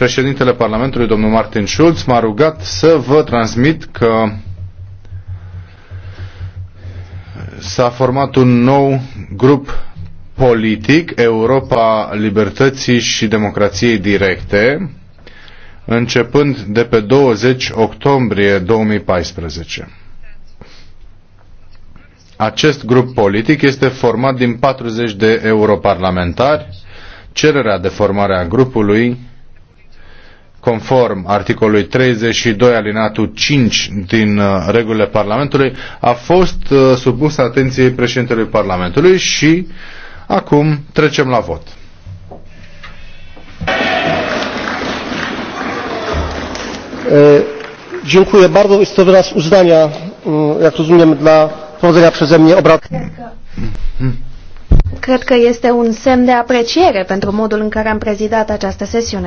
președintele Parlamentului, domnul Martin Schulz, m-a rugat să vă transmit că s-a format un nou grup politic, Europa Libertății și Democrației Directe, începând de pe 20 octombrie 2014. Acest grup politic este format din 40 de europarlamentari. Cererea de formare a grupului conform articolului 32 alinatul 5 din uh, regulile Parlamentului, a fost uh, supus atenției președintelui Parlamentului și acum trecem la vot. Dziękuję bardzo. Jest to wyraz uznania, mm, jak rozumiem, dla prowadzenia przeze mnie obrad. Cred că este un semn de apreciere pentru modul în care am prezidat această sesiune.